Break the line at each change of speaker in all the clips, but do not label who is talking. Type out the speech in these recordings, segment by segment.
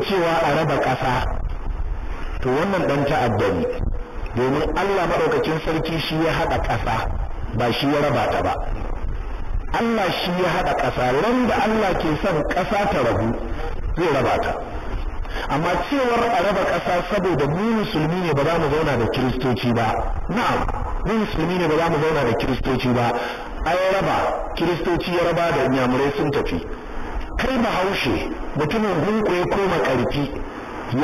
cewa a raba ƙasa to wannan ɗan ta'adda ne domin Allah maɗaukacin sarki shi ya haɗa ƙasa ba shi ya raba ta ba Allah shi ya haɗa ƙasa da Allah ke son ƙasa ta rabu zai raba ta amma cewar a raba ƙasa saboda mu musulmi ne ba za mu zauna da kiristoci ba na'am mu musulmi ne ba za mu zauna da kiristoci ba an raba kiristoci ya raba da inyamurai sun tafi kai bahaushe mutumin hunko ya koma karfi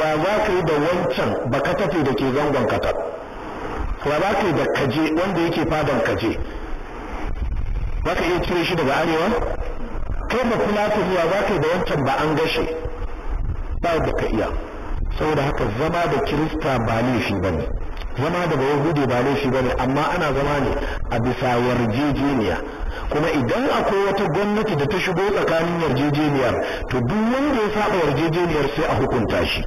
ya za ka yi da wancan baka tafi da ke zangon katar ya za ka yi da kaje wanda yake fadan kaje za ka iya cire shi daga arewa kai ba fulatun ya za ka yi da wancan ba an gashe ba da ka iya saboda haka zama da kirista ba laifi ba ne zama da ba yahudi ba laifi ba ne amma ana zama ne a bisa yarjejeniya kuma idan akwai wata gwamnati da ta shigo tsakanin yarjejeniyar to duk wanda ya saba yarjejeniyar sai a hukunta shi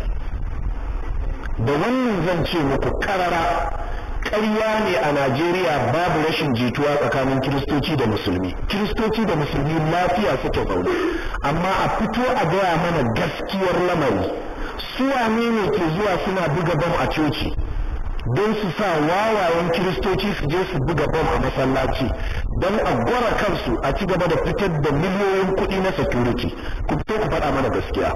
da wannan zan ce muku karara ƙarya ne a Najeriya babu rashin jituwa tsakanin kiristoci da musulmi kiristoci da musulmi lafiya suke zaune amma a fito a gaya mana gaskiyar lamari su Wanene ne ke zuwa suna buga bam a coci don su sa wawayen kiristoci su je su buga bom a masallaci don a gwara kansu a ci gaba da fitar da miliyoyin kuɗi na security ku fito ku faɗa mana gaskiya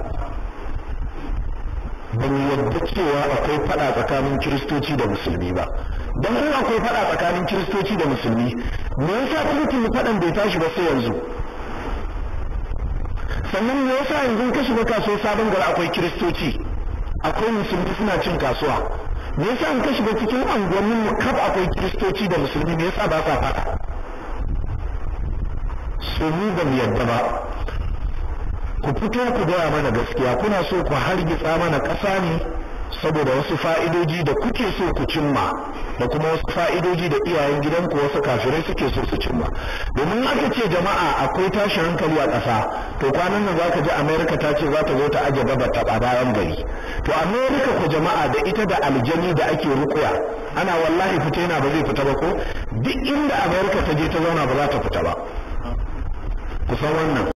ban yadda cewa akwai faɗa tsakanin kiristoci da musulmi ba don in akwai faɗa tsakanin kiristoci da musulmi me yasa kuma faɗan bai tashi ba sai yanzu sannan me yasa yanzu ka shiga kasuwar sabon gari akwai kiristoci akwai musulmi suna cin kasuwa me yasa an ka shiga cikin unguwannin mu kaf akwai kiristoci da musulmi me yasa ba sa faɗa so mu ba mu yadda ba ku fito ku gaya mana gaskiya kuna so ku hargitsa mana ƙasa ne saboda wasu fa'idoji da kuke so ku cimma da kuma wasu fa'idoji da iyayen gidanku wasu kafirai suke so su cimma domin aka ce jama'a akwai tashin hankali a ƙasa to kwanan nan zaka ji america ta ce zata zo ta aje gaba ta bayan gari to america ko jama'a da ita da aljani da ake rukuya ana wallahi fita yana ba zai fita ba ko duk inda america ta je ta zauna ba za ta fita ba kusan wannan